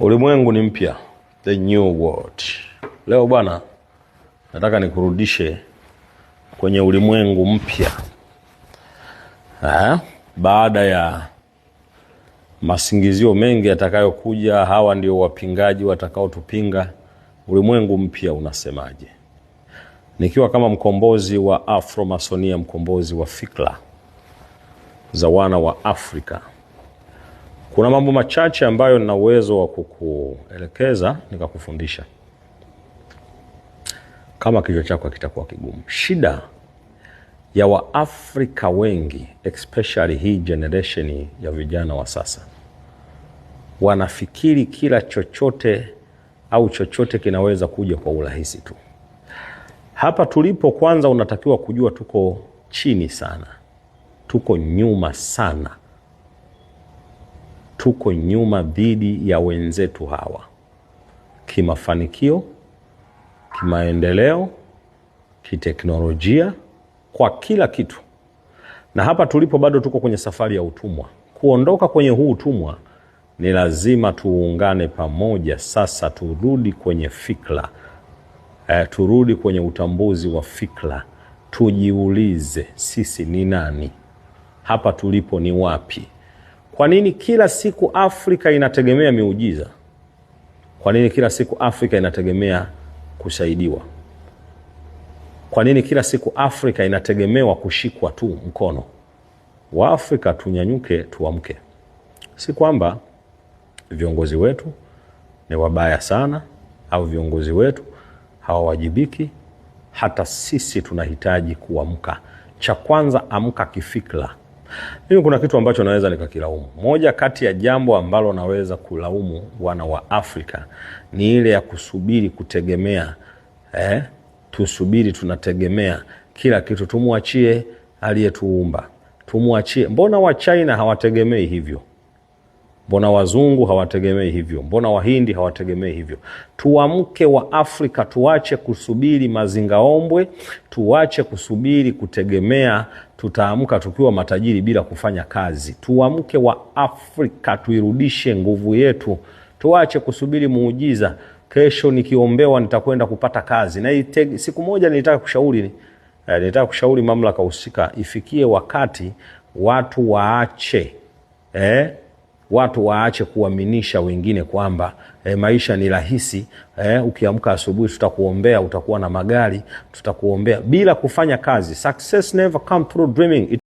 Ulimwengu ni mpya, the new world. Leo bwana, nataka nikurudishe kwenye ulimwengu mpya Baada ya masingizio mengi yatakayokuja, hawa ndio wapingaji watakaotupinga. Ulimwengu mpya unasemaje? Nikiwa kama mkombozi wa Afromasonia, mkombozi wa fikra za wana wa Afrika kuna mambo machache ambayo nina uwezo wa kukuelekeza nikakufundisha kama kichwa chako kitakuwa kigumu. Shida ya Waafrika wengi especially hii generation ya vijana wa sasa, wanafikiri kila chochote au chochote kinaweza kuja kwa urahisi tu. Hapa tulipo, kwanza unatakiwa kujua tuko chini sana, tuko nyuma sana tuko nyuma dhidi ya wenzetu hawa kimafanikio, kimaendeleo, kiteknolojia, kwa kila kitu. Na hapa tulipo bado tuko kwenye safari ya utumwa. Kuondoka kwenye huu utumwa ni lazima tuungane pamoja. Sasa turudi kwenye fikra e, turudi kwenye utambuzi wa fikra, tujiulize sisi ni nani, hapa tulipo ni wapi? Kwa nini kila siku Afrika inategemea miujiza? Kwa nini kila siku Afrika inategemea kusaidiwa? Kwa nini kila siku Afrika inategemewa kushikwa tu mkono? Waafrika tunyanyuke, tuamke. Si kwamba viongozi wetu ni wabaya sana au viongozi wetu hawawajibiki. Hata sisi tunahitaji kuamka. Cha kwanza, amka kifikra. Mimi kuna kitu ambacho naweza nikakilaumu. Moja kati ya jambo ambalo naweza kulaumu wana wa Afrika ni ile ya kusubiri kutegemea, eh, tusubiri tunategemea kila kitu, tumwachie aliyetuumba, tumwachie. Mbona wa China hawategemei hivyo? Mbona wazungu hawategemei hivyo? Mbona wahindi hawategemei hivyo? Tuamke wa Afrika, tuache kusubiri mazingaombwe, tuache kusubiri kutegemea tutaamka tukiwa matajiri bila kufanya kazi. Tuamke wa Afrika, tuirudishe nguvu yetu, tuache kusubiri muujiza. Kesho nikiombewa nitakwenda kupata kazi. Na iteg, siku moja nilitaka kushauri, eh, nilitaka kushauri mamlaka husika ifikie wakati watu waache eh, watu waache kuaminisha wengine kwamba e, maisha ni rahisi e, ukiamka asubuhi tutakuombea, utakuwa na magari, tutakuombea bila kufanya kazi. Success never come through dreaming. It